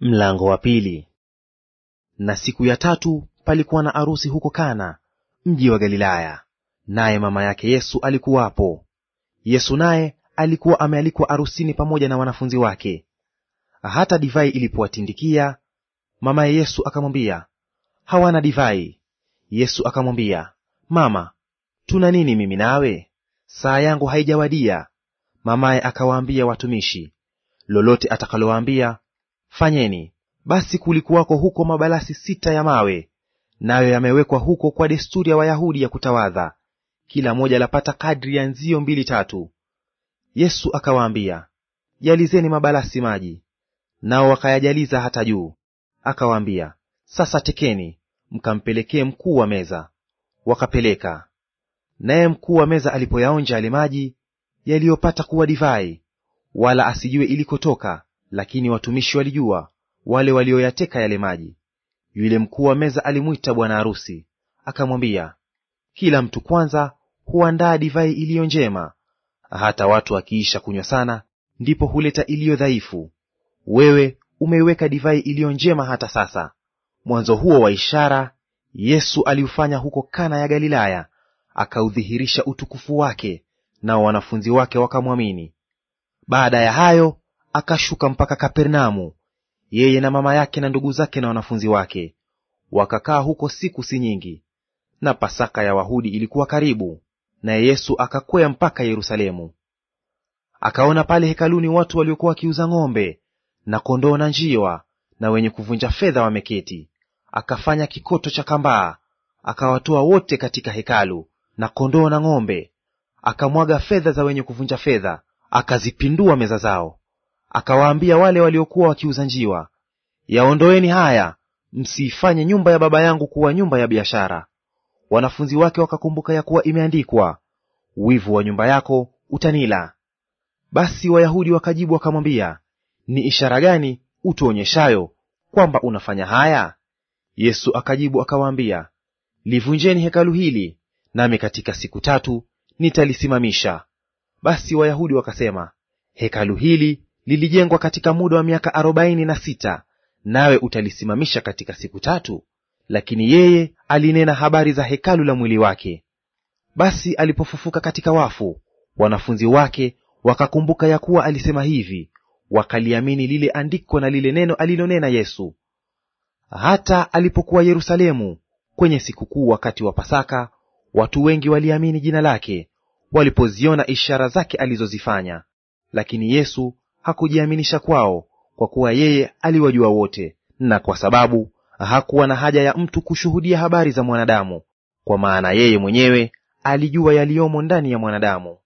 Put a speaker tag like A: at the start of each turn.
A: Mlango wa pili. Na siku ya tatu palikuwa na arusi huko Kana, mji wa Galilaya, naye mama yake Yesu alikuwapo. Yesu naye alikuwa amealikwa arusini pamoja na wanafunzi wake. Hata divai ilipowatindikia, mamaye Yesu akamwambia, hawana divai. Yesu akamwambia, Mama, tuna nini mimi nawe? Saa yangu haijawadia. Mamaye akawaambia watumishi, lolote atakalowaambia Fanyeni basi, kulikuwako huko mabalasi sita ya mawe, nayo yamewekwa huko kwa desturi ya Wayahudi ya kutawadha; kila moja lapata kadri ya nzio mbili tatu. Yesu akawaambia, jalizeni mabalasi maji. Nao wakayajaliza hata juu. Akawaambia, sasa tekeni mkampelekee mkuu wa meza. Wakapeleka. Naye mkuu wa meza alipoyaonja yale maji yaliyopata kuwa divai, wala asijue ilikotoka lakini watumishi walijua, wale walioyateka yale maji. Yule mkuu wa meza alimwita bwana harusi, akamwambia, kila mtu kwanza huandaa divai iliyo njema, hata watu wakiisha kunywa sana, ndipo huleta iliyo dhaifu. Wewe umeiweka divai iliyo njema hata sasa. Mwanzo huo wa ishara Yesu aliufanya huko Kana ya Galilaya, akaudhihirisha utukufu wake, nao wanafunzi wake wakamwamini. Baada ya hayo akashuka mpaka Kapernaumu, yeye na mama yake na ndugu zake na wanafunzi wake, wakakaa huko siku si nyingi. Na Pasaka ya Wayahudi ilikuwa karibu, naye Yesu akakwea mpaka Yerusalemu. Akaona pale hekaluni watu waliokuwa wakiuza ng'ombe na kondoo na njiwa na wenye kuvunja fedha wameketi. Akafanya kikoto cha kambaa, akawatoa wote katika hekalu, na kondoo na ng'ombe. Akamwaga fedha za wenye kuvunja fedha, akazipindua meza zao akawaambia wale waliokuwa wakiuza njiwa, yaondoeni haya, msiifanye nyumba ya baba yangu kuwa nyumba ya biashara. Wanafunzi wake wakakumbuka ya kuwa imeandikwa, wivu wa nyumba yako utanila. Basi Wayahudi wakajibu wakamwambia, ni ishara gani utuonyeshayo kwamba unafanya haya? Yesu akajibu akawaambia, livunjeni hekalu hili, nami katika siku tatu nitalisimamisha. Basi Wayahudi wakasema, hekalu hili lilijengwa katika muda wa miaka arobaini na sita, nawe utalisimamisha katika siku tatu. Lakini yeye alinena habari za hekalu la mwili wake. Basi alipofufuka katika wafu, wanafunzi wake wakakumbuka ya kuwa alisema hivi, wakaliamini lile andiko na lile neno alilonena Yesu. Hata alipokuwa Yerusalemu kwenye sikukuu wakati wa Pasaka, watu wengi waliamini jina lake walipoziona ishara zake alizozifanya. Lakini Yesu hakujiaminisha kwao, kwa kuwa yeye aliwajua wote, na kwa sababu hakuwa na haja ya mtu kushuhudia habari za mwanadamu, kwa maana yeye mwenyewe alijua yaliyomo ndani ya mwanadamu.